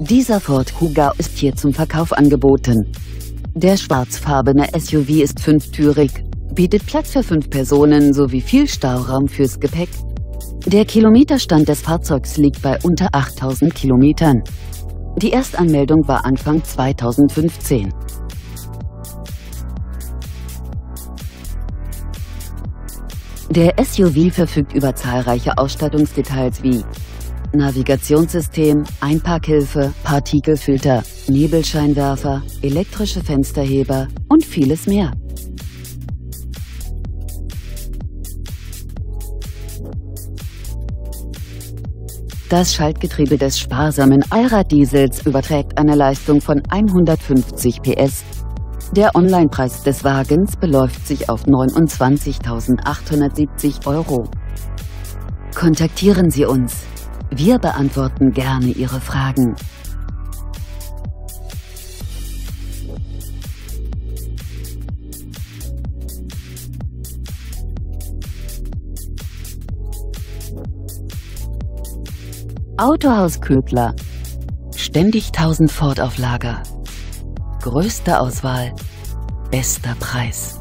Dieser Ford Kuga ist hier zum Verkauf angeboten. Der schwarzfarbene SUV ist fünftürig, bietet Platz für fünf Personen sowie viel Stauraum fürs Gepäck. Der Kilometerstand des Fahrzeugs liegt bei unter 8000 Kilometern. Die Erstanmeldung war Anfang 2015. Der SUV verfügt über zahlreiche Ausstattungsdetails wie Navigationssystem, Einparkhilfe, Partikelfilter, Nebelscheinwerfer, elektrische Fensterheber und vieles mehr. Das Schaltgetriebe des sparsamen Allrad-Diesels überträgt eine Leistung von 150 PS der Onlinepreis des Wagens beläuft sich auf 29.870 Euro. Kontaktieren Sie uns. Wir beantworten gerne Ihre Fragen. Autohaus Ködler. Ständig 1000 Ford auf Lager. Größte Auswahl, bester Preis.